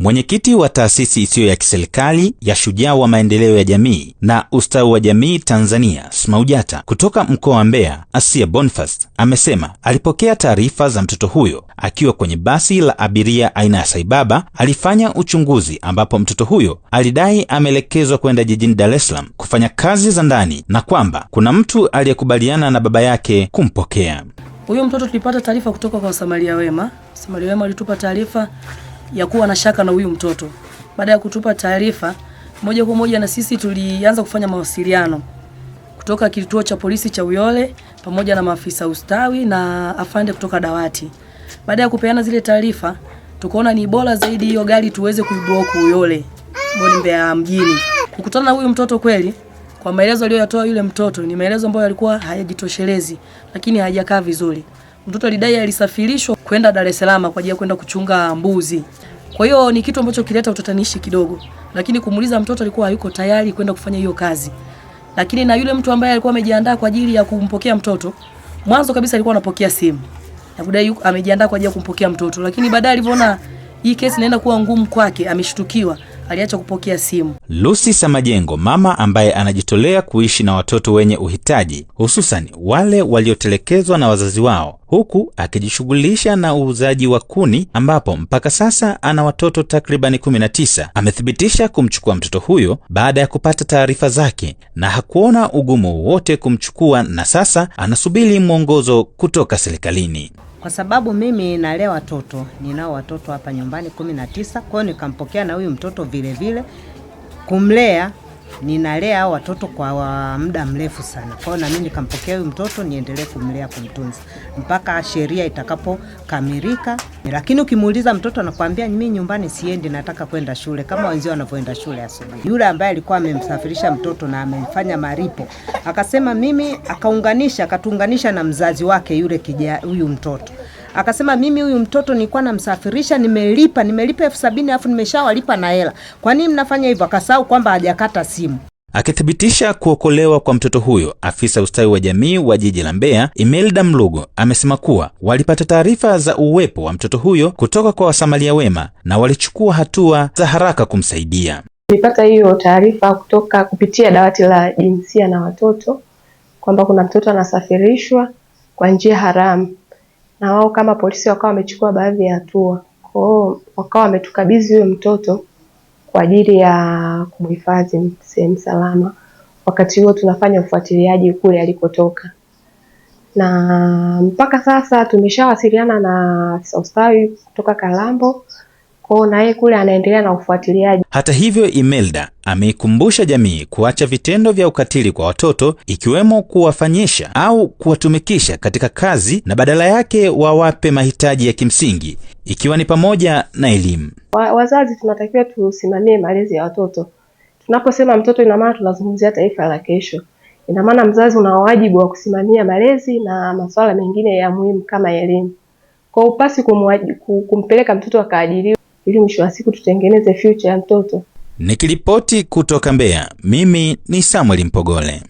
Mwenyekiti wa taasisi isiyo ya kiserikali ya Shujaa wa Maendeleo ya Jamii na Ustawi wa Jamii Tanzania SMAUJATA kutoka mkoa wa Mbeya, Asia Bonfast amesema alipokea taarifa za mtoto huyo akiwa kwenye basi la abiria aina ya Saibaba. Alifanya uchunguzi ambapo mtoto huyo alidai ameelekezwa kwenda jijini Dar es Salaam kufanya kazi za ndani na kwamba kuna mtu aliyekubaliana na baba yake kumpokea huyo mtoto. Tulipata taarifa kutoka kwa Wasamaria Wema. Wasamaria Wema alitupa taarifa ya kuwa na shaka na huyu mtoto. Baada ya kutupa taarifa moja kwa moja, na sisi tulianza kufanya mawasiliano kutoka kituo cha polisi cha Uyole pamoja na maafisa ustawi na afande kutoka dawati. Baada ya kupeana zile taarifa, tukaona ni bora zaidi hiyo gari tuweze kuibloku Uyole Mbeya mjini, kukutana na huyu mtoto kweli. Kwa maelezo aliyoyatoa yule mtoto ni maelezo ambayo yalikuwa hayajitoshelezi, lakini hayajakaa vizuri mtoto alidai alisafirishwa kwenda Dar es Salaam kwa ajili ya kwenda kuchunga mbuzi. Kwa hiyo ni kitu ambacho kileta utatanishi kidogo, lakini kumuuliza mtoto alikuwa hayuko tayari kwenda kufanya hiyo kazi, lakini na yule mtu ambaye alikuwa amejiandaa kwa ajili ya kumpokea mtoto, mwanzo kabisa alikuwa anapokea simu na kudai amejiandaa kwa ajili ya kumpokea mtoto, lakini baadaye alivyoona hii kesi inaenda kuwa ngumu kwake, ameshtukiwa aliacha kupokea simu. Lucy Samajengo, mama ambaye anajitolea kuishi na watoto wenye uhitaji, hususan wale waliotelekezwa na wazazi wao, huku akijishughulisha na uuzaji wa kuni, ambapo mpaka sasa ana watoto takribani 19, amethibitisha kumchukua mtoto huyo baada ya kupata taarifa zake na hakuona ugumu wowote kumchukua, na sasa anasubiri mwongozo kutoka serikalini kwa sababu mimi nalea watoto, ninao watoto hapa nyumbani kumi na tisa. Kwa hiyo nikampokea na huyu mtoto vile vile kumlea ninalea watoto kwa muda mrefu sana. Kwa hiyo na mimi nikampokea huyu mtoto niendelee kumlea, kumtunza mpaka sheria itakapokamilika. Lakini ukimuuliza mtoto anakuambia mimi nyumbani siendi, nataka kwenda shule kama wenzio wanavyoenda shule asubuhi. Yule ambaye alikuwa amemsafirisha mtoto na amemfanya maripo akasema mimi, akaunganisha akatuunganisha na mzazi wake yule kija huyu mtoto akasema mimi huyu mtoto nilikuwa namsafirisha, nimelipa nimelipa elfu sabini alafu nimeshawalipa na hela, kwa nini mnafanya hivyo? Akasahau kwamba hajakata simu. Akithibitisha kuokolewa kwa mtoto huyo, afisa ustawi wa jamii wa jiji la Mbeya Imelda Mlugo amesema kuwa walipata taarifa za uwepo wa mtoto huyo kutoka kwa wasamalia wema na walichukua hatua za haraka kumsaidia. Nilipata hiyo taarifa kutoka kupitia dawati la jinsia na watoto kwamba kuna mtoto anasafirishwa kwa njia haramu na wao kama polisi wakawa wamechukua baadhi ya hatua. Kwa hiyo wakawa wametukabidhi huyo mtoto kwa ajili ya kumhifadhi sehemu salama, wakati huo tunafanya ufuatiliaji kule alikotoka, na mpaka sasa tumeshawasiliana na afisa ustawi kutoka Kalambo kwao, na yeye kule anaendelea na ufuatiliaji. Hata hivyo, Imelda ameikumbusha jamii kuacha vitendo vya ukatili kwa watoto ikiwemo kuwafanyisha au kuwatumikisha katika kazi na badala yake wawape mahitaji ya kimsingi ikiwa ni pamoja na elimu. Wa, wazazi tunatakiwa tusimamie malezi ya watoto. Tunaposema mtoto, ina maana tunazungumzia taifa la kesho. Ina maana mzazi una wajibu wa kusimamia malezi na masuala mengine ya muhimu kama elimu. Kwa upasi kumpeleka mtoto akaajiriwa ili mwisho wa siku tutengeneze future ya mtoto. Nikiripoti kutoka Mbeya, mimi ni Samuel Mpogole.